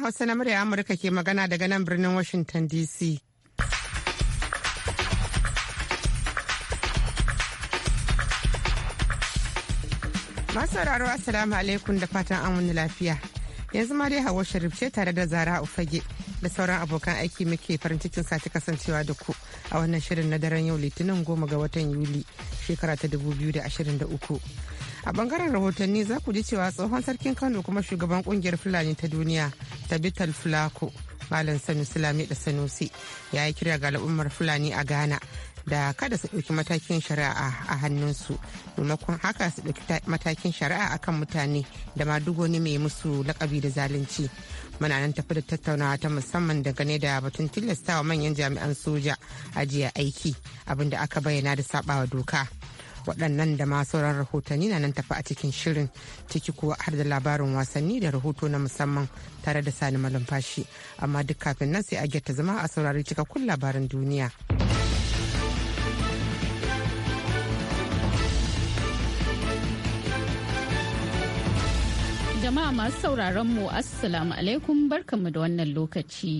Sashen Hausa na murya Amurka ke magana daga nan birnin Washington DC. Masu sauraro Assalamu alaikum da fatan an wani lafiya. yanzu ma dai hawa sharif ce tare da zara ufage da sauran abokan aiki muke farin cikin sati kasancewa da ku a wannan shirin na daren yau litinin goma ga watan yuli shekara ta 2023 a bangaren rahotanni za ku ji cewa tsohon sarkin kano kuma shugaban kungiyar fulani ta duniya tabital fulako malam sanusi lami da sanusi ya yi kira ga al'ummar fulani a ghana da kada su ɗauki matakin shari'a a hannunsu maimakon haka su ɗauki matakin shari'a akan mutane da ma ne mai musu lakabi da zalunci muna nan tafi da tattaunawa ta musamman da gane da batun tilastawa manyan jami'an soja ajiye aiki abinda aka bayyana da sabawa doka waɗannan da ma sauran rahotanni na nan tafi a cikin shirin ciki kuwa har da labarin wasanni da rahoto na musamman tare da sani malumfashi amma duk kafin nan sai a ta zama a saurari cikakkun labaran duniya. masu sauraron mu assalamu alaikum barkanmu da wannan lokaci.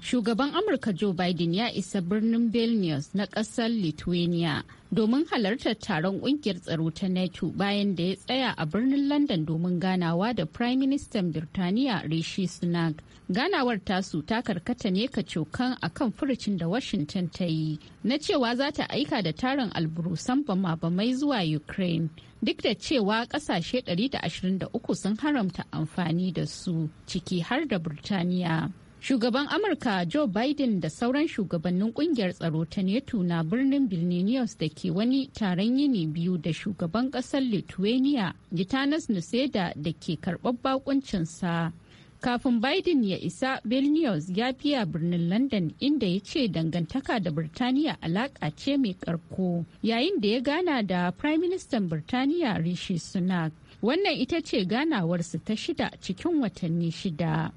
Shugaban Amurka Joe Biden ya isa birnin Vilnius na kasar Lithuania domin halartar taron ƙungiyar tsaro ta NATO bayan da ya tsaya a birnin London domin ganawa da Prime Minister Birtaniya Rishi Sunak. Ganawar tasu ta karkata ne ka cokan a kan furucin da Washington ta yi na cewa za ta aika da tarin alburusan bama mai zuwa Ukraine. duk da cewa kasashe 123 sun haramta amfani da su ciki har da birtaniya. Shugaban Amurka Joe Biden da sauran shugabannin kungiyar tsaro ta NATO na birnin Vilnius da ke wani taron yini biyu da shugaban kasar Lithuania Gitanas Nuseda da ke karɓar bakuncinsa. Kafin Biden ya isa Vilnius ya fiya birnin London inda ya ce dangantaka da Birtaniya alaƙa ce mai ƙarko yayin da ya gana da Prime Minister Birtaniya Rishi Sunak. Wannan ita ce ganawarsu ta shida cikin watanni shida.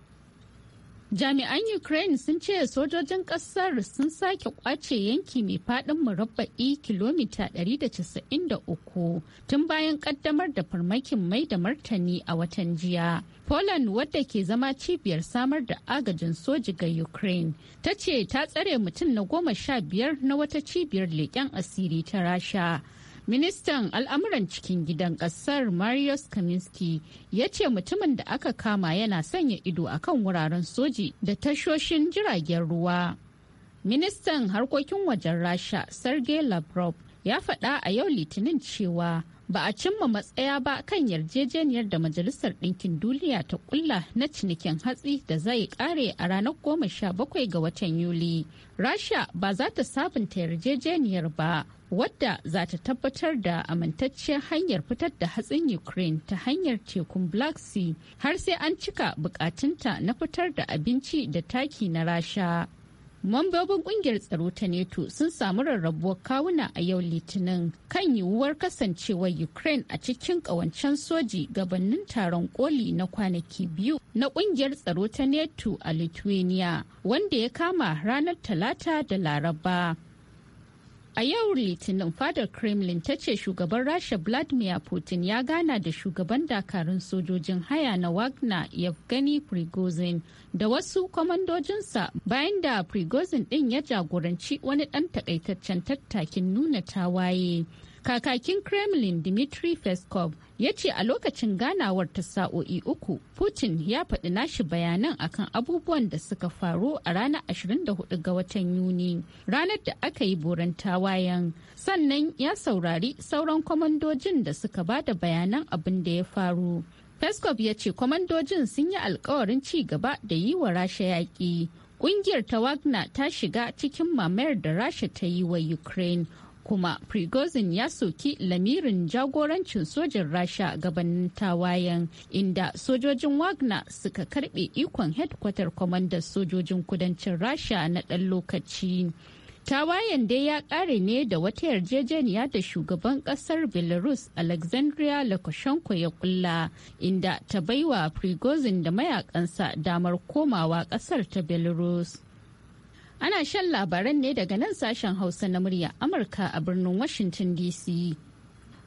Jami'an Ukraine sun ce sojojin ƙasar sun sake kwace yanki mai faɗin murabba'i kilomita 193 tun bayan ƙaddamar da farmakin mai da martani a watan jiya. Poland wadda ke zama cibiyar samar da agajin soji ga Ukraine ta ce ta tsare mutum na goma sha biyar na wata cibiyar leƙen asiri ta Rasha. Ministan al'amuran cikin gidan ƙasar Marius Kaminski ya ce mutumin da aka kama yana sanya ido akan wuraren soji da tashoshin jiragen ruwa. Ministan harkokin wajen Rasha Sergei Lavrov ya faɗa a yau Litinin cewa ba a cimma matsaya ba kan yarjejeniyar da majalisar ɗinkin duniya ta kulla na cinikin hatsi da zai kare a ranar goma sha bakwai ga watan yuli rasha ba za ta sabunta yarjejeniyar ba wadda za ta tabbatar da amintacciyar hanyar fitar da hatsin ukraine ta hanyar tekun black sea har sai an cika bukatunta na fitar da abinci da taki na rasha Mambobin kungiyar tsaro ta NATO sun samu rarrabuwar kawuna a yau Litinin kan yiwuwar kasancewar Ukraine a cikin ƙawancen soji gabanin taron koli na kwanaki biyu na kungiyar tsaro ta NATO a Lithuania wanda ya kama ranar Talata da Laraba. A yau Litinin fadar Kremlin ta ce shugaban Rasha Vladimir Putin ya gana da shugaban dakarun sojojin haya na Wagner Yevgeny Prigozhin da wasu kwamandojinsa bayan da Prigozhin din ya jagoranci wani dan takaitaccen tattakin nuna tawaye. Kakakin Kremlin Dmitry Peskov ya ce a lokacin ganawar ta sa'o'i uku, Putin ya faɗi nashi bayanan akan abubuwan da suka faru a ranar 24 ga watan Yuni, ranar da aka yi boran tawayen. Sannan ya saurari sauran kwamandojin da suka ba da bayanan abin da ya faru. Peskov ya ce kwamandojin sun yi alkawarin ci gaba da yi wa Rasha yaƙi. Ƙungiyar ta Wagner ta shiga cikin mamayar da Rasha ta yi wa Ukraine. kuma prigozhin ya soki lamirin jagorancin sojin rasha gabanin tawayen inda sojojin wagner suka karbe ikon headquarter commander sojojin kudancin rasha na dan lokaci tawayen dai ya kare ne da wata yarjejeniya da shugaban kasar belarus alexandria lukashenko ya kulla inda ta baiwa prigozhin da mayakansa damar komawa kasar ta belarus Ana shan labaran ne daga nan sashen Hausa na murya Amurka a birnin Washington DC.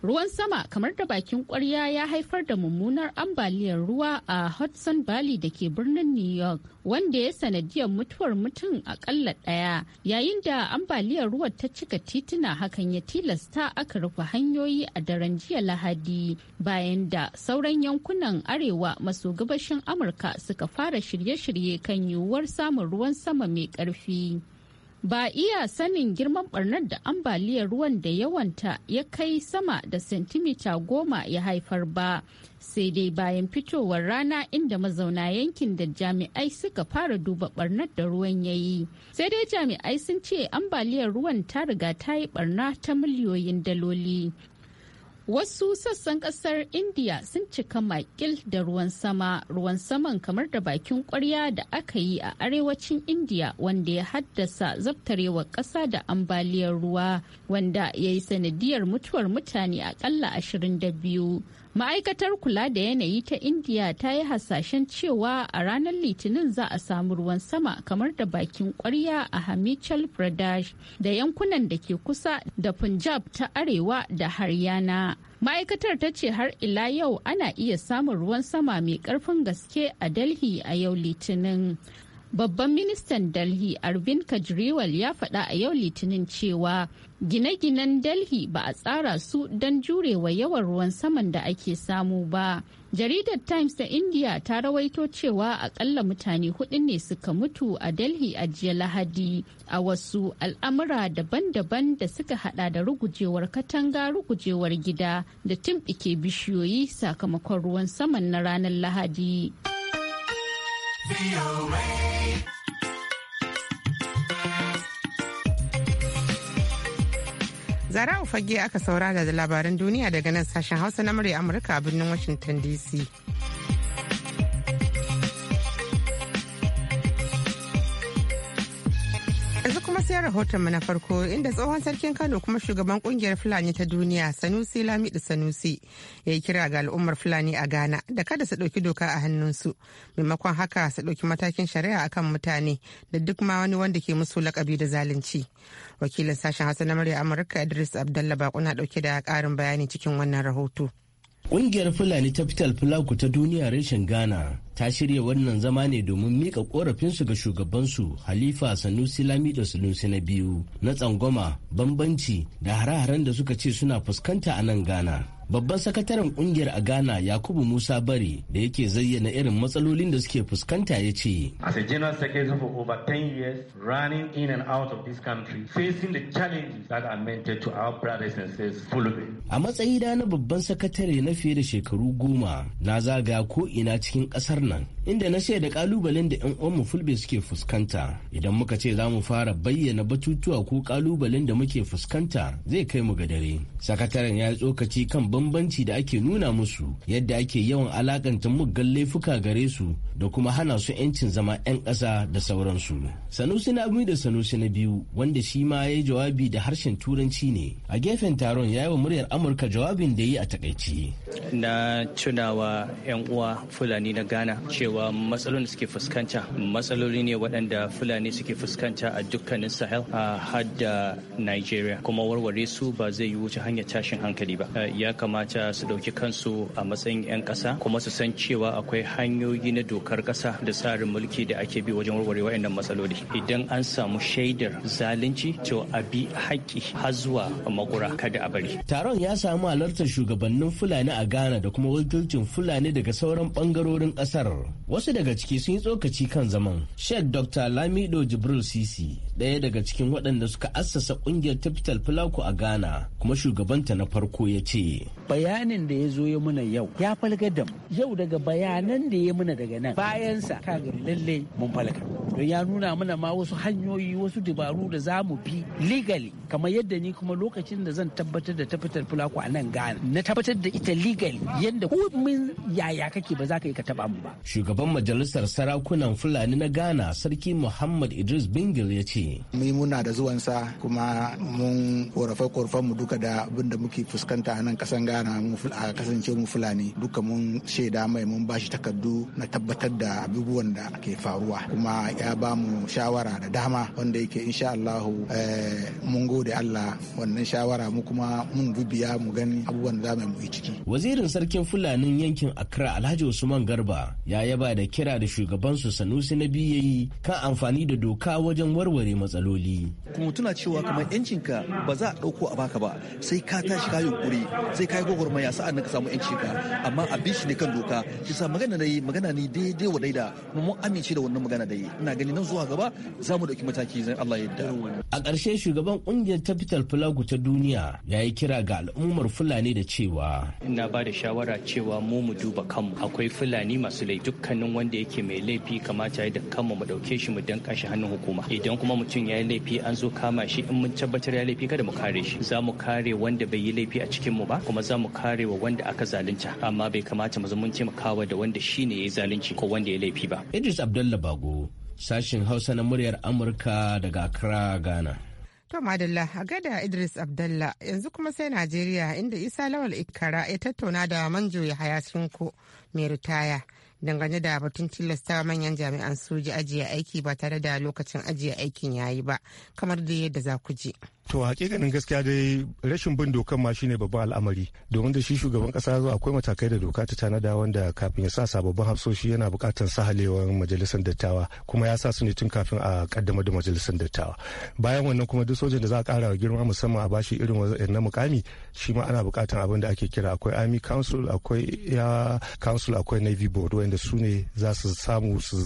ruwan sama kamar da bakin kwarya ya haifar da mummunar ambaliyar ruwa a hudson valley da ke birnin new york wanda ya sanadiyar mutuwar mutum akalla ɗaya yayin da ambaliyar ruwan ta cika tituna hakan ya tilasta aka rufe hanyoyi a daren jiya lahadi bayan da sauran yankunan arewa maso gabashin amurka suka fara shirye-shirye kan yiwuwar samun ruwan sama mai ƙarfi. ba iya sanin girman barnar da ambaliyar ruwan da yawanta ya kai sama da sentimita goma ya haifar ba sai dai bayan fitowar rana inda mazauna yankin da jami'ai suka fara duba barnar da ruwan ya yi sai dai jami'ai sun ce ambaliyar ruwan ta riga ta yi barna ta miliyoyin daloli Wasu sassan kasar India sun cika makil da ruwan sama, ruwan saman kamar da bakin kwarya da aka yi a arewacin India wanda ya haddasa zabtarewar ƙasa da ambaliyar ruwa wanda ya yi sanadiyar mutuwar mutane akalla 22. ma'aikatar kula da yanayi ta indiya ta yi hasashen cewa a ranar litinin za a samu ruwan sama kamar da bakin kwarya a hamichal pradesh da yankunan da ke kusa da punjab ta arewa da haryana ma'aikatar ta ce har ila yau ana iya samun ruwan sama mai karfin gaske a delhi a yau litinin Babban ministan Delhi Arvind Kajriwal ya faɗa a yau Litinin cewa gine-ginen Delhi ba a tsara su don jurewa yawan ruwan saman da ake samu ba. Jaridar Times ta India ta rawaito cewa akalla mutane hudu ne suka mutu a Delhi a jiya Lahadi a wasu al'amura daban-daban da suka hada da rugujewar katanga rugujewar gida da tumɓike bishiyoyi sakamakon ruwan saman na ranar Lahadi. Zara'u fage aka saura da labaran duniya daga nan sashen Hausa na murya Amurka a birnin Washington DC. kuma sai rahotonmu na farko inda tsohon sarkin Kano kuma shugaban kungiyar Fulani ta duniya Sanusi Lamidu Sanusi ya yi kira ga al'ummar Fulani a Ghana da kada su ɗauki doka a hannunsu maimakon haka su ɗauki matakin shari'a akan mutane da duk ma wani wanda ke musu lakabi da zalunci. Wakilin sashen Hausa na murya Amurka Idris Abdallah Bakuna ɗauke da karin bayani cikin wannan rahoto. Ƙungiyar Fulani ta Fital Fulaku ta duniya reshen Ghana ta shirya wannan zama ne domin mika korafinsu ga shugabansu halifa sanusi lamido sanusi na biyu na tsangwama bambanci da hare-haren da suka ce suna fuskanta a nan ghana Babban sakataren kungiyar a Ghana Yakubu Musa Bari da yake zayyana irin matsalolin da suke fuskanta ya ce. As a general secretary for over 10 years running in and out of this country facing the challenges that are meant to our brothers and sisters A matsayi da na babban sakatare na fiye da shekaru goma na zaga ko ina cikin kasar nan inda na shaida kalubalen da 'yan uwanmu fulbe suke fuskanta idan muka ce za mu fara bayyana batutuwa ko kalubalen da muke fuskanta zai kai mu ga dare. Sakataren ya yi tsokaci kan ban bambanci da ake nuna musu yadda ake yawan alakanta muggan laifuka gare su da kuma hana su 'yancin zama 'yan ƙasa da sauransu. Sanusi na biyu da Sanusi na biyu wanda shi ma ya yi jawabi da harshen turanci ne a gefen taron ya yi wa muryar Amurka jawabin da yi a takaici. Na tunawa 'yan uwa Fulani na Ghana cewa matsalolin da suke fuskanta matsaloli ne waɗanda Fulani suke fuskanta a dukkanin Sahel a har da Nigeria kuma warware su ba zai yi wuce hanyar tashin hankali ba. Ya kamata su ɗauki kansu a matsayin 'yan ƙasa kuma su san cewa akwai hanyoyi na doka dokar kasa da tsarin mulki da ake bi wajen warware waɗannan matsaloli idan an samu shaidar zalunci to a bi haƙƙi har zuwa makura kada a bari taron ya samu halartar shugabannin fulani a ghana da kuma wakilcin fulani daga sauran bangarorin kasar wasu daga ciki sun yi tsokaci kan zaman shek dr lamido jibril sisi ɗaya daga cikin waɗanda suka assasa ƙungiyar tafital fulako a ghana kuma shugabanta na farko ya ce bayanin da ya zo ya muna yau ya falga da mu yau daga bayanan da ya muna daga nan bayansa kaga lalle mun falaka don ya nuna mana ma wasu hanyoyi wasu dabaru da za mu bi legally kamar yadda ni kuma lokacin da zan tabbatar da tafitar fulako a nan gana na tabbatar da ita legally yadda min yaya kake ba za ka yi ka taba mu ba shugaban majalisar sarakunan fulani na ghana sarki muhammad idris bingil ya ce mu muna da zuwan sa kuma mun korafa korafen mu duka da abin da muke fuskanta a nan kasan ghana a kasance mu fulani duka mun shaida mai mun bashi takardu na tabbatar da abubuwan da ke faruwa kuma ya ba mu shawara da dama wanda yake insha Allah eh, mun gode Allah wannan shawara mu kuma mun dubiya mu gani abubuwan da za mu yi ciki wazirin sarkin fulanin yankin Accra Alhaji Usman Garba ya yaba da kira da shugabansu Sanusi na biyayi kan amfani da doka wajen warware matsaloli kuma tuna cewa kamar yancin ka ba za a dauko a baka ba sai ka tashi ka yi kuri sai ka yi gwagwarmaya sa'an ka samu ka amma abin shi ne kan doka shi sa magana da yi magana ne daidai wa daida mu mun amince da wannan magana da yi ina gani nan zuwa gaba za mu dauki mataki zan Allah ya yarda a ƙarshe shugaban kungiyar Capital Flag ta duniya ya yi kira ga al'ummar Fulani da cewa ina ba da shawara cewa mu mu duba kanmu akwai Fulani masu laifi dukkanin wanda yake mai laifi kamata ya da kanmu mu dauke shi mu danka shi hannun hukuma idan kuma mutum ya yi laifi an zo kama shi in mun tabbatar ya laifi kada mu kare shi za mu kare wanda bai yi laifi a cikin mu ba kuma za mu kare wa wanda aka zalunta amma bai kamata mu zama mun taimakawa da wanda shine ya zalunci ko wanda ya laifi ba. Idris Abdullah Bago, sashin Hausa na muryar Amurka daga Accra, Ghana. To Madalla, a gada Idris Abdullah yanzu kuma sai Najeriya inda Isa Lawal Ikara ya tattauna da Manjo Yahaya ko mai ritaya dangane da batun tilasta manyan jami'an soji ajiye aiki ba tare da lokacin ajiye aikin yayi ba kamar da yadda za ku ji. To hakikanin gaskiya dai rashin bin dokan ma shine babban al'amari domin da shi shugaban kasa zuwa akwai matakai da doka ta tanada wanda kafin ya sa sababbin hafsoshi yana bukatar sahalewar majalisar dattawa kuma ya sa su ne tun kafin a kaddama da majalisar dattawa. Bayan wannan kuma duk sojan da za a kara wa girma musamman a bashi irin na mukami shi ma ana bukatar abin da ake kira akwai army council akwai air council akwai navy board waɗanda su ne za su samu su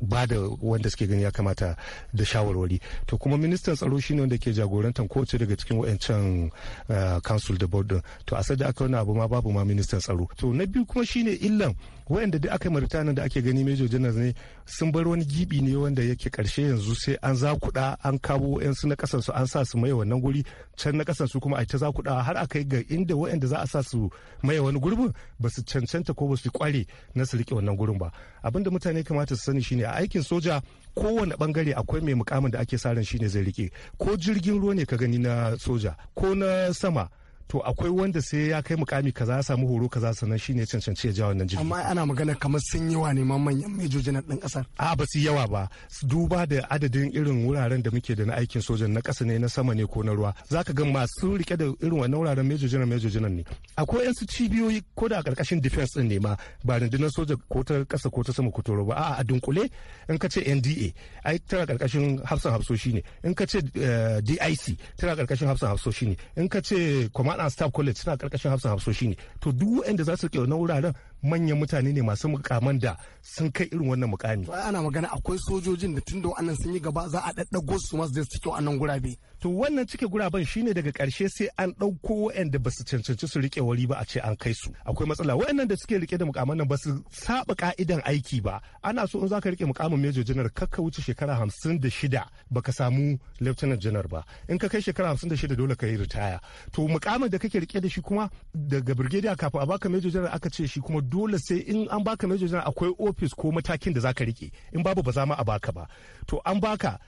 ba da wanda suke gani ya kamata da shawarwari to kuma ministan tsaro shine wanda ke jagorantar kowace daga cikin wayancan eh, council da board to a da aka wani abu ma babu ma ministan tsaro to na biyu kuma shine illan waɗanda duk aka yi da ake gani major general ne sun bar wani gibi ne wanda yake karshe yanzu sai an za kuɗa an kawo yan su na kasan su an sa su maye wannan guri can na kasan su kuma a ta zakuɗa har a yi ga inda wayanda za a sa su maye wani gurbin ba su cancanta ko ba su kware na su rike wannan gurin ba abinda mutane kamata su sani shine a aikin soja kowane bangare akwai mai mukamin da ake sa ran shine zai rike ko jirgin ruwa ne ka gani na soja ko na sama to akwai wanda sai ya kai mukami kaza ya samu horo kaza sannan shine cancanci ya ja wannan jirgi amma ana magana kamar sun yawa neman manyan mejoji na ɗan ƙasar a ba su yawa ba duba da adadin irin wuraren da muke da na aikin sojan na ƙasa ne na sama ne ko na ruwa zaka ga masu rike da irin wannan wuraren mejoji na mejoji ne akwai yan su cibiyoyi ko da a ƙarƙashin defense din ne ma ba rundunar soja ko ta ƙasa ko ta sama ko ta ba a'a a dunkule in ka ce NDA ai tana ƙarƙashin hafsan hafsoshi ne in ka ce eh, DIC tana ƙarƙashin hafsan hafsoshi ne in ka ce amma na staff college suna karkashin hafsan hafsoshi ne to duk waɗanda za su rike na wuraren manyan mutane ne masu mukaman da sun kai irin wannan mukami. ana magana akwai sojojin da tun da wannan sun yi gaba za a daddago su masu da suke wannan gurabe. to wannan cike guraben shine daga karshe sai an ɗauko waɗanda ba su cancanci su riƙe wari ba a ce an kai su akwai matsala waɗannan da suke riƙe da mukaman nan ba su saba ka'idan aiki ba ana so in za ka riƙe mukamin major general kakka wuce shekara hamsin da shida baka samu lieutenant general ba in ka kai shekara hamsin da shida dole ka yi ritaya to mukamin da kake riƙe da shi kuma daga brigadier kafin a baka major general aka ce shi kuma dole sai in an baka major general akwai ofis ko matakin da zaka rike in babu ba za ma a baka ba to an baka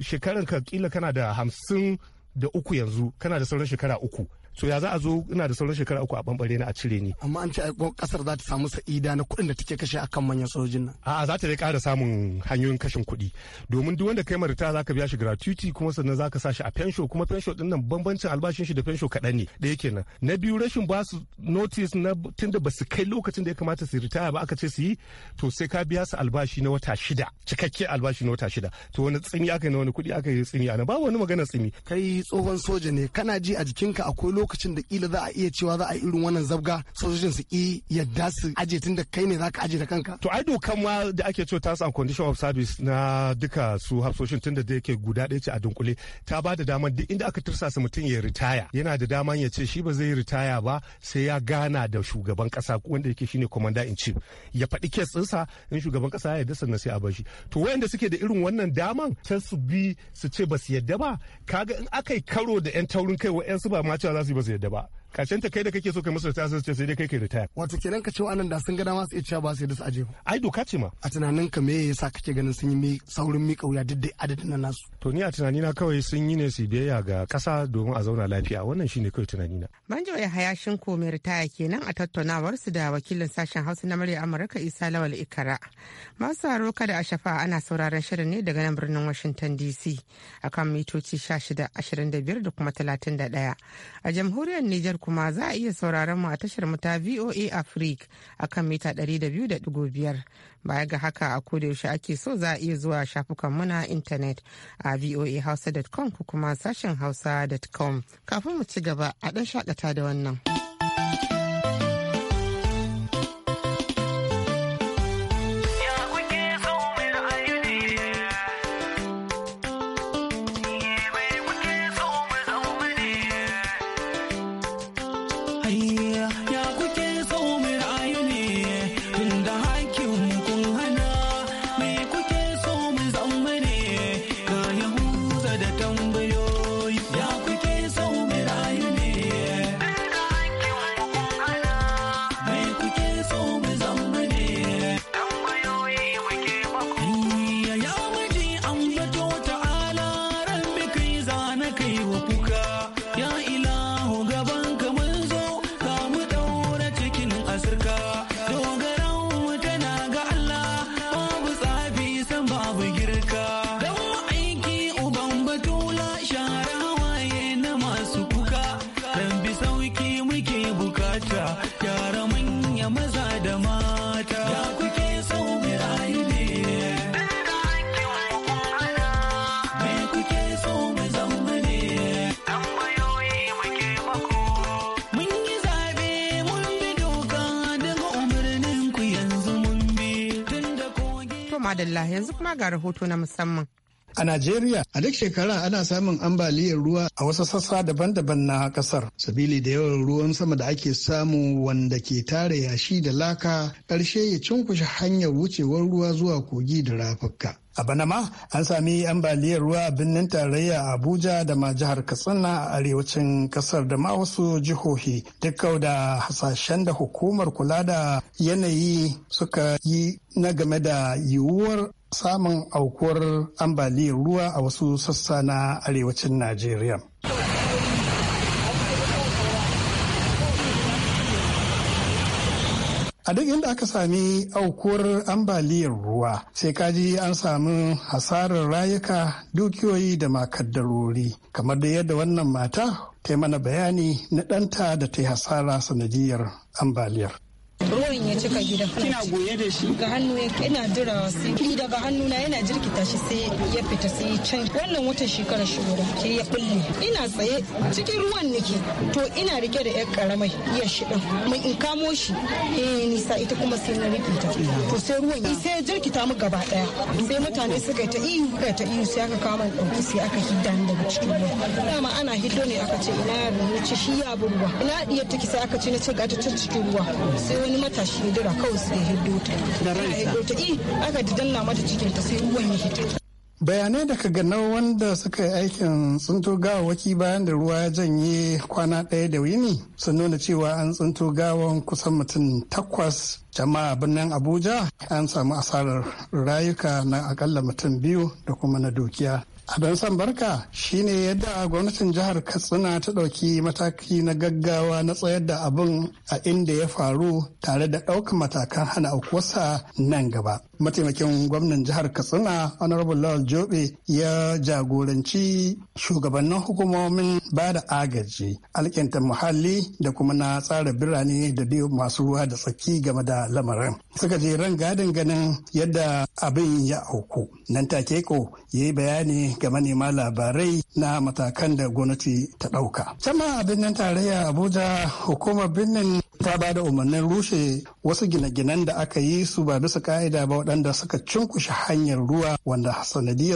shekaran ka kila kana da hamsin da uku yanzu kana da sauran shekara uku so ya za a zo ina da sauran shekara uku a bambare na a cire ni amma an ce kasar za ta samu sa'ida na kuɗin da take kashe akan manyan sojojin nan a'a za ta dai ƙara samun hanyoyin kashin kuɗi domin duk wanda kai marita za ka biya shi gratuity kuma sannan za ka sa shi a pension kuma pension din nan bambancin albashin shi da pension kaɗan ne da yake kenan na biyu rashin ba su notice na tunda ba su kai lokacin da ya kamata su ritaya ba aka ce su yi to sai ka biya su albashi na wata shida cikakke albashi na wata shida to wani tsini aka yi na wani kuɗi aka yi tsini ana ba wani magana tsini kai tsohon soja ne kana ji a jikinka akwai lokacin da kila za a iya cewa za a yi irin wannan zabga sojojin su ki yadda su aje tun da kai ne za ka aje da kanka. To ai dokan ma da ake cewa ta san condition of service na duka su hafsoshin tun da da yake guda ɗaya ce a dunkule ta ba da daman duk inda aka tursasa mutum ya ritaya yana da daman ya ce shi ba zai ritaya ba sai ya gana da shugaban kasa wanda yake shine commander in chief ya faɗi kes ɗinsa in shugaban kasa ya dasa na sai a bar shi to wayanda suke da irin wannan daman sai su bi su ce ba su yadda ba kaga in aka yi karo da yan taurin kai wa'yansu ba ma cewa za su ba su yadda ba kashinta kai da kake so kai masa tasiri sai sai dai kai kai ritaya wato kenan ka ce da sun gada dama su iya cewa ba su da su aje ba ai doka ce ma a tunanin ka me yasa kake ganin sun yi mi saurin mi kauya duk dai adadin nan nasu to ni a tunani na kawai sun yi ne su biyayya ga kasa domin a zauna lafiya wannan shine kawai tunani na manjo ya hayashin ko mai ritaya kenan a tattaunawar su da wakilin sashen Hausa na murya Amurka Isa Lawal Ikara masu haro kada a shafa ana sauraron shirin ne daga nan birnin Washington DC akan mitoci 16 25 da kuma 31 a jamhuriyar Nijar kuma za a iya sauraron mu a tashar mu ta VOA Africa akan mita 200.5 baya ga haka a koda yaushe ake so za a iya zuwa shafukan mu na intanet a voahausa.com ko kuma sashen hausa.com kafin mu ci gaba a ɗan shakata da wannan. madalla yanzu kuma ga rahoto na musamman. A Najeriya, a duk shekara ana samun ambaliyar ruwa a wasu sassa daban-daban na kasar. Sabili da yawan ruwan sama da ake samu wanda ke tara yashi da laka, ƙarshe ya cunkushe hanyar wucewar ruwa zuwa kogi da rafuka. A bana ma an sami ambaliyar ruwa a birnin tarayya Abuja da ma jihar Katsina a arewacin kasar da ma wasu jihohi dukkau da hasashen da hukumar kula da yanayi suka yi na game da yiwuwar samun aukuwar ambaliyar ruwa a wasu sassa na arewacin Najeriya. a duk inda aka sami aukuwar ambaliyar ruwa sai kaji an samu hasarar rayuka dukiyoyi da makaddarori kamar da yadda wannan mata ta mana bayani na ɗanta da ta yi hasara sanadiyar ambaliyar ruwan ya cika gidan kina goye da shi ga hannu ina jirawa sai ni daga hannu na yana jirkita shi sai ya fita sai ya can wannan watan shekarar shi guda sai ya bulle ina tsaye cikin ruwan nake to ina rike da yar karamai ya shi din mun in kamo shi eh nisa ita kuma sai na rike ta to sai ruwan sai ya jirkita mu gaba daya sai mutane suka ta ihu suka ta ihu sai aka kama dauki sai aka hidda ni daga cikin ruwa dama ana hiddo ne aka ce ina ruwa ci shi ya burwa ina diyar take sai aka ce na ce ga ta cikin ruwa sai wani matashi dira kawai sai ya hiddo ta da ransa i aka danna mata cikin ta sai ruwan ya hito bayanai daga gano wanda suka yi aikin tsinto gawawaki bayan da ruwa ya janye kwana ɗaya da wini sun nuna cewa an tsinto gawan kusan mutum takwas jama'a birnin abuja an samu asarar rayuka na akalla mutum biyu da kuma na dukiya abin san barka shine yadda gwamnatin jihar katsina ta ɗauki mataki na gaggawa na tsayar da abin a inda ya faru tare da ɗaukar matakan hana aukuwarsa nan gaba mataimakin gwamnan jihar katsina honorable lawal jobe ya jagoranci shugabannin hukumomin ba da agaji alkinta muhalli da kuma na tsara birane da biyu masu ruwa da tsaki game da lamarin suka je ran gadin ganin yadda abin ya auku nan take ko ya yi bayani ga manema labarai na matakan da gwamnati ta ɗauka. ma abin nan tarayya Abuja hukumar birnin ta ba da umarnin rushe wasu gine-ginen da aka yi su ba bisa ka'ida ba waɗanda suka cunkushe hanyar ruwa wanda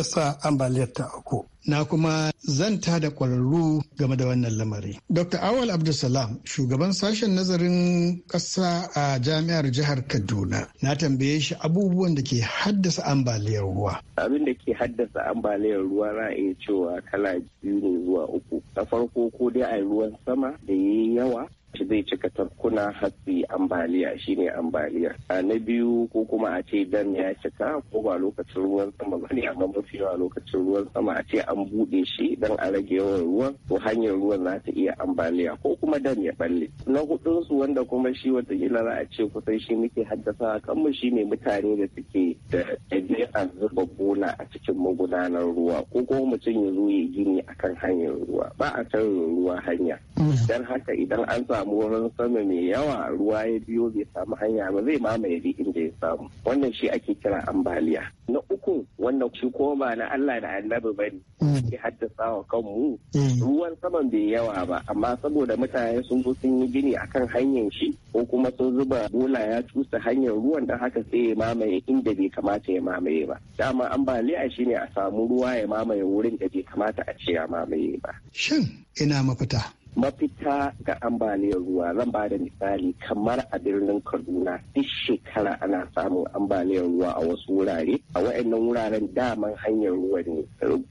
sa ambaliyar ta auku. Na kuma zanta da ƙwararru game da wannan lamari. Dr. Awal Abdulsalam, shugaban sashen nazarin ƙasa a jami'ar jihar Kaduna, na tambaye shi abubuwan da ke haddasa ambaliyar ruwa. Abin da ke haddasa ambaliyar ruwa na iya cewa kala biyu ne zuwa uku. ta farko ko dai a ruwan sama da yayi yawa zai cika tafkuna hatsi ambaliya shine ambaliya a na biyu ko kuma a ce dan ya cika ko ba lokacin ruwan sama ba ne amma mafi yawa lokacin ruwan sama a ce an buɗe shi dan a rage yawan ruwan ko hanyar ruwan za ta iya ambaliya ko kuma dan ya balle na hudun wanda kuma shi watakila za a ce kusan shi muke haddasa kanmu shi ne mutane da suke da ɗabi'ar zuba bola a cikin magudanar ruwa ko kuma mutum ya zo ya gini akan hanyar ruwa ba a kan ruwa hanya mm. dan haka idan an samu samu wurin sama mai yawa ruwa ya biyo bai samu hanya ba zai mamaye duk inda ya samu wannan shi ake kira ambaliya na uku wannan shi ko ba na Allah da annabi ba ne mm. ke haddasa wa kanmu mm. ruwan saman bai yawa ba amma saboda mutane sun zo sun yi gini akan hanyar shi ko kuma sun zuba bola ya cusa hanyar ruwan da haka sai ya mamaye inda bai kamata ya mamaye ba dama ambaliya shine a samu ruwa ya mamaye wurin da bai kamata a ce ya mamaye ba shin ina mafita mafita ga ambaliyar ruwa zan ba da misali kamar a birnin kaduna duk shekara ana samun ambaliyar ruwa a wasu wurare a wa'annan wuraren daman hanyar ruwa ne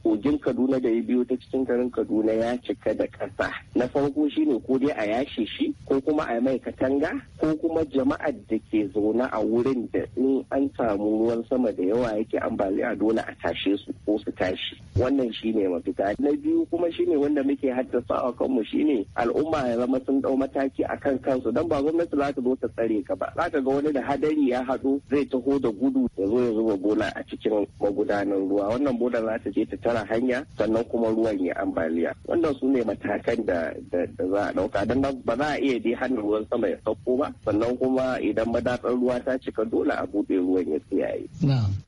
kogin kaduna da ya biyo ta cikin garin kaduna ya cika da ƙasa na farko shine ko dai a yashe shi ko kuma a mai katanga ko kuma jama'ar da ke zauna a wurin da in an samu ruwan sama da yawa yake ambaliya dole a tashe su ko su tashi wannan shine mafita na biyu kuma shine wanda muke haddasa a kanmu shine ne al'umma ya zama sun dau mataki a kan kansu don ba gwamnati za ta zo ta tsare ka ba za ka ga wani da hadari ya haɗu zai taho da gudu ya zo ya zuba bola a cikin magudanan ruwa wannan bola za ta je ta tara hanya sannan kuma ruwan ya ambaliya wannan su ne matakan da za a ɗauka don ba za a iya dai hannun ruwan sama ya sauko ba sannan kuma idan madatsar ruwa ta cika dole a buɗe ruwan ya tsiyaye.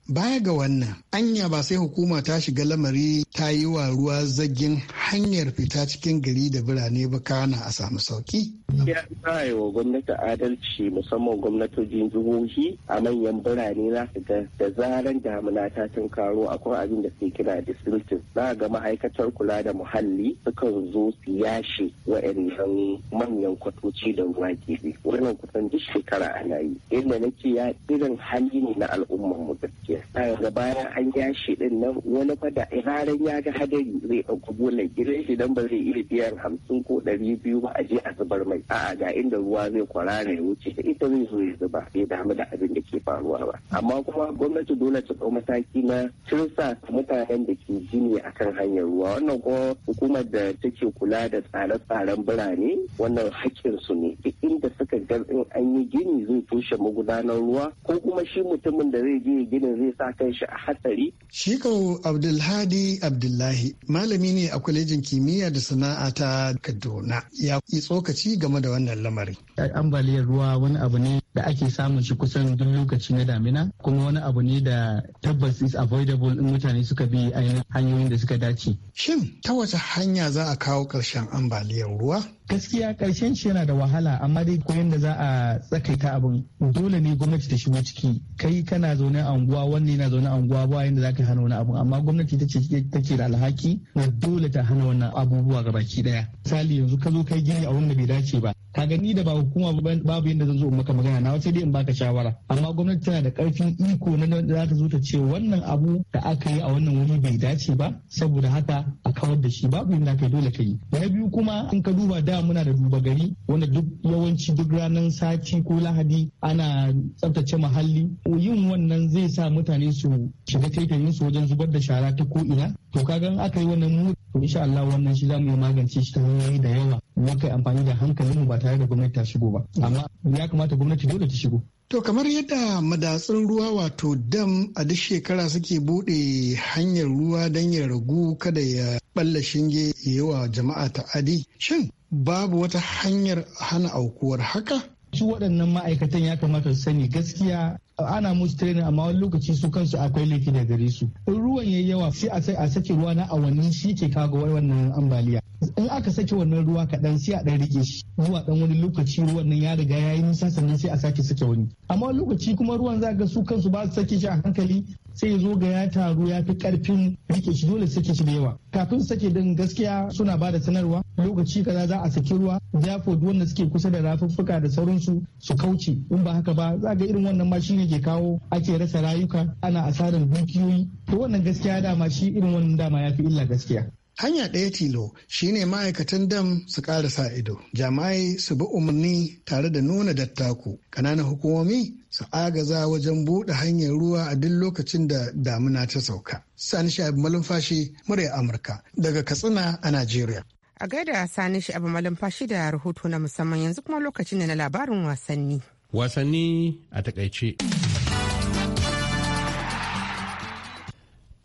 baya ga wannan anya ba sai hukuma ta shiga lamari ta yi wa ruwa zagin hanyar fita cikin gari da birane ne ba kana a samu sauki Ya za wa gwamnati adalci musamman gwamnatocin jihohi a manyan birane za su ga da zaran damuna ta tunkaro akwai abin da suke kira disiltin za ga ma'aikatar kula da muhalli sukan zo su yashe wa'annan manyan kwatoci da ruwa gefe wannan kusan duk shekara ana yi inda nake ya irin hali ne na al'ummar mu gaskiya da bayan an yashe din nan wani fa da ranar ya ga hadari zai ɗauki bolan gidan shi dan ba zai iya biyan hamsin ko ɗari biyu ba a je a zubar mai A'a, ga inda ruwa zai kwara ne wuce da ita zai zo ya zuba bai damu da abin da ke faruwa ba amma kuma gwamnati dole ta ɗau mataki na tursa mutanen da ke jini kan hanyar ruwa wannan kuma hukumar da take kula da tsare-tsaren birane wannan hakkin su ne duk inda suka ga in an yi gini zai toshe magudanar ruwa ko kuma shi mutumin da zai je ginin zai sa kan shi a hatsari. Shi kan Abdulhadi Abdullahi malami ne a kwalejin kimiyya da sana'a ta Kaduna ya yi tsokaci game kuma da wannan lamari. Ambaliyar ruwa wani abu ne da ake samun shi kusan duk lokaci na damina kuma wani abu ne da tabbas is avoidable in mutane suka bi ainihin hanyoyin da suka dace. Shin ta wace hanya za a kawo ƙarshen ambaliyar ruwa? gaskiya karshen shi yana da wahala amma dai koyon yadda za a tsakaita abin dole ne gwamnati ta shigo ciki kai kana zaune a unguwa wanne yana zaune a unguwa ba yadda za ka hana wani abu amma gwamnati ta ce take da alhaki na dole ta hana wannan abubuwa ga baki daya misali yanzu ka zo kai gini a wanda bai dace ba ka gani da ba hukuma babu yadda zan zo maka magana na wace dai in baka shawara amma gwamnati tana da karfin iko na za ta zo ta ce wannan abu da aka yi a wannan wuri bai dace ba saboda haka a kawar da shi babu yadda kai dole ka yi na biyu kuma in ka duba da muna da duba gari wanda duk yawanci duk ranar sati ko lahadi ana tsaftace muhalli yin wannan zai sa mutane su shiga taitayin su wajen zubar da shara ta ko ina to kaga aka yi wannan mu to insha Allah wannan shi za mu yi magance shi ta hanyoyi da yawa muka yi amfani da hankalin ba tare da gwamnati ta shigo ba amma ya kamata gwamnati dole ta shigo To kamar yadda madatsun ruwa wato dam a duk shekara suke bude hanyar ruwa don ya ragu kada ya balla shinge yawa jama'a ta adi. shin babu wata hanyar hana aukuwar haka? Su waɗannan ma'aikatan ya kamata su sani gaskiya ana musu training amma wani lokaci su kansu akwai laifi da gare su in ruwan yayi yawa sai a sake ruwa na awanni shi ke kago wannan ambaliya in aka sake wannan ruwa kaɗan sai a ɗan rike shi zuwa ɗan wani lokaci ruwan nan ya riga ya yi nisa sannan sai a sake sake wani amma lokaci kuma ruwan za ga su kansu ba su sake shi a hankali sai ya zo ga ya taru ya fi karfin rike shi dole sake shi da yawa kafin sake din gaskiya suna ba da sanarwa lokaci kaza za a saki ruwa jafo duk wanda suke kusa da rafuffuka da sauransu su kauce in ba haka ba za ga irin wannan ma shine ke kawo ake rasa rayuka ana asarar dukiyoyi to wannan gaskiya dama shi irin wannan dama ya fi illa gaskiya Hanya ɗaya tilo shine ma'aikatan dam su ƙara sa ido, jama'ai su bi umarni tare da nuna dattaku, ƙananan hukumomi su agaza wajen buɗe hanyar ruwa a duk lokacin da damuna ta sauka. Sani Shabi Malumfashi, murya Amurka, daga Katsina a Najeriya. A gaida Sani Shabi Malumfashi da rahoto na musamman yanzu kuma lokacin da na labarin wasanni. Wasanni a takaice.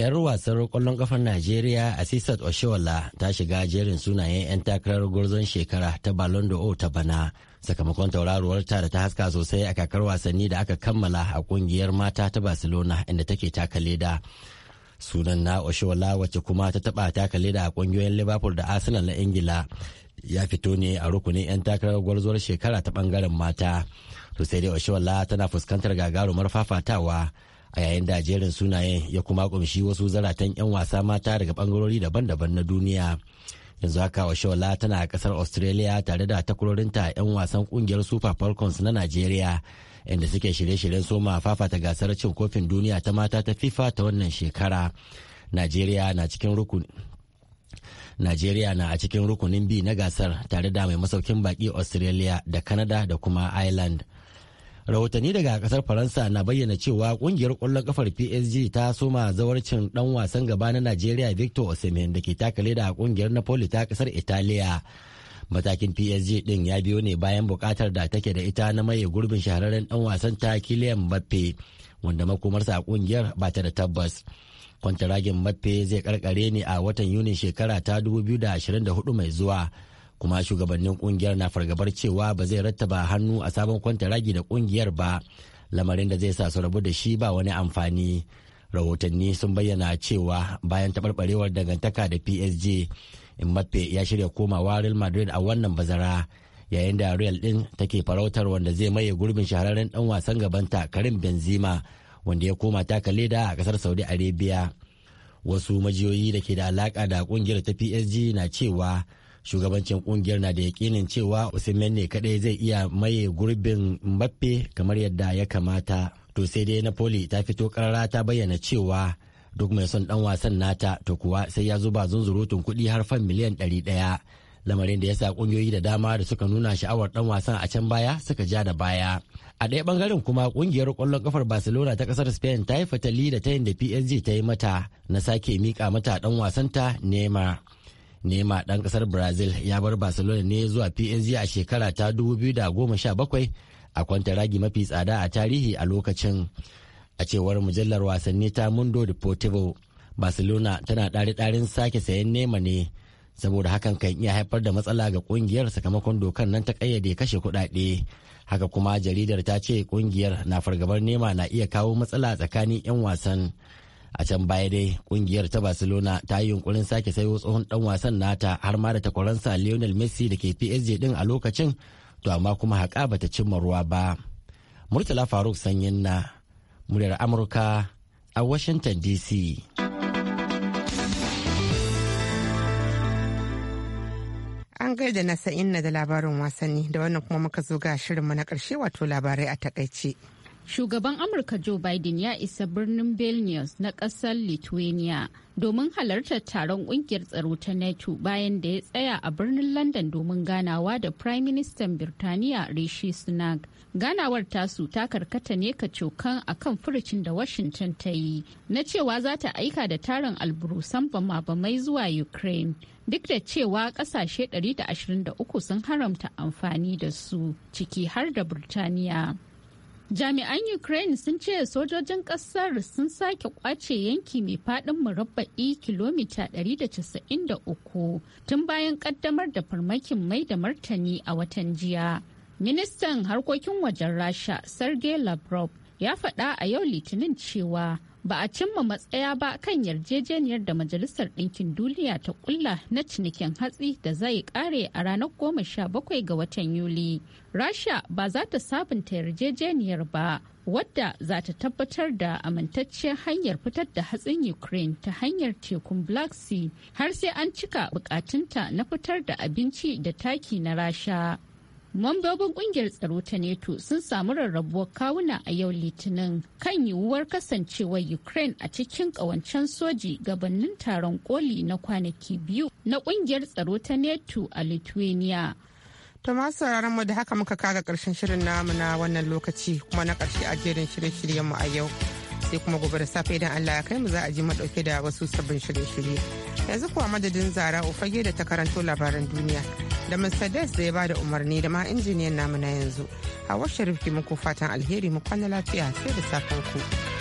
'Yar wasan kwallon kafar Najeriya Asisat Oshiwala ta shiga jerin sunayen 'yan takarar gwarzon shekara ta Ballon d'Or ta bana sakamakon tauraruwarta da ta haska sosai a kakar wasanni da aka kammala a kungiyar mata ta Barcelona inda take taka leda. Sunan na Oshiwala wacce kuma ta taba taka leda a kungiyoyin Liverpool da Arsenal na Ingila ya fito ne a rukunin 'yan takarar gwarzuwar shekara ta bangaren mata. To sai dai Oshiwala tana fuskantar gagarumar fafatawa a yayin da jerin sunayen ya kuma kumshi wasu zaratan 'yan wasa mata daga bangarori daban-daban na duniya yanzu haka washola tana a kasar australia tare da takwarorinta 'yan wasan kungiyar super falcons na nigeria inda suke shirye-shiryen soma fafata gasar cin kofin duniya ta mata ta fifa ta wannan shekara nigeria na cikin rukuni Najeriya na a cikin rukunin bi na gasar tare da mai masaukin baki Australia da Canada da kuma Ireland. rahotanni daga kasar faransa na bayyana cewa kungiyar kwallon kafar psg ta soma zawarcin dan wasan gaba na nigeria victor osimhen da ke takale da kungiyar napoli ta kasar italiya matakin psg din ya biyo ne bayan bukatar da take da ita na maye gurbin shahararren dan wasan ta kilian mbappe wanda makomarsa a kungiyar ba ta da tabbas kwantaragin mbappe zai karkare ne a watan yuni shekara ta 2024 mai zuwa kuma shugabannin kungiyar na fargabar cewa ba zai rattaba hannu a sabon kwanta ragi da kungiyar ba lamarin da zai sa su rabu da shi ba wani amfani rahotanni sun bayyana cewa bayan taɓarɓarewar dangantaka da psg mbappe ya shirya komawa real madrid a wannan bazara yayin da real din take farautar wanda zai maye gurbin shahararren dan wasan gabanta karim benzema wanda ya koma taka leda a kasar saudi arabia wasu majiyoyi da ke da alaka da kungiyar ta psg na cewa shugabancin kungiyar na da yakinin cewa Osimhen ne kadai zai iya maye gurbin Mbappe kamar yadda ya kamata to sai dai Napoli ta fito karara ta bayyana cewa duk mai son dan wasan nata to kuwa sai ya zuba zunzurutun kuɗi har fan miliyan ɗari ɗaya lamarin da ya sa kungiyoyi da dama da suka nuna sha'awar dan wasan a can baya suka ja da baya a ɗaya bangaren kuma kungiyar kwallon kafar barcelona ta kasar spain ta yi fatali da tayin da psg ta yi mata na sake mika mata dan wasanta neymar nema ɗan ƙasar brazil ya bar barcelona ne zuwa psg a shekara ta 2017 a kwanta ragi mafi tsada a tarihi a lokacin a cewar mujallar wasanni ta mundo deportivo barcelona tana ɗari-ɗarin sake sayan nema ne saboda hakan kan iya haifar da matsala ga kungiyar sakamakon dokar nan ta kayyade kashe kuɗaɗe haka kuma jaridar ta ce kungiyar na fargabar nema na iya kawo matsala tsakanin 'yan wasan a can baya dai kungiyar ta barcelona ta yi yunkurin sake sayo tsohon dan wasan nata har ma da takwaransa lionel messi da ke psg din a lokacin to amma kuma haƙa bata cimma ruwa ba murtala faruk sanyin na muryar amurka a washington dc an gaida na sa'in na da labarin wasanni da wannan kuma muka zo ga shirinmu na ƙarshe wato labarai a takaice. Shugaban Amurka Joe Biden ya isa birnin Vilnius na ƙasar Lithuania domin halartar taron ƙungiyar tsaro ta NATO bayan da ya tsaya a birnin London domin ganawa da Prime Minister Birtaniya Rishi Sunak. Ganawar tasu ta karkata ne ka cokan a kan furucin da Washington ta yi na cewa za ta aika da tarin alburusan bama-bamai zuwa Ukraine. duk da cewa kasashe 123 sun haramta amfani da su ciki har da Burtaniya. Jami'an Ukraine sun ce sojojin ƙasar sun sake kwace yanki mai faɗin murabba'i kilomita 193 tun bayan ƙaddamar da farmakin mai da martani a watan jiya. Ministan harkokin wajen Rasha Sergei Lavrov ya faɗa a yau Litinin cewa ba a cimma matsaya ba kan yarjejeniyar da majalisar ɗinkin duniya ta kulla na cinikin hatsi da zai kare a ranar goma sha bakwai ga watan yuli rasha ba za ta sabunta yarjejeniyar ba wadda za ta tabbatar da amintacciyar hanyar fitar da hatsin ukraine ta hanyar tekun black sea har sai an cika bukatunta na fitar da abinci da taki na rasha Mambobin kungiyar tsaro ta NATO sun samu rarrabuwar kawuna a yau Litinin kan yiwuwar kasancewar Ukraine a cikin kawancen soji gabanin taron koli na kwanaki biyu na kungiyar tsaro ta NATO a Lithuania. Thomas masu mu da haka muka kaga karshen shirin namu na wannan lokaci kuma na karshe a jerin shirye-shiryenmu a yau. sai kuma gobe da safe idan Allah ya kai mu za a ji madauke da wasu sabbin shirye-shirye. Yanzu kuwa madadin Zara Ofage da ta karanto labaran duniya da Mr. Des da ya bada umarni da ma injiniyan namu na yanzu. Hawa Sharif ki muku fatan alheri mu kwana lafiya sai da safen ku.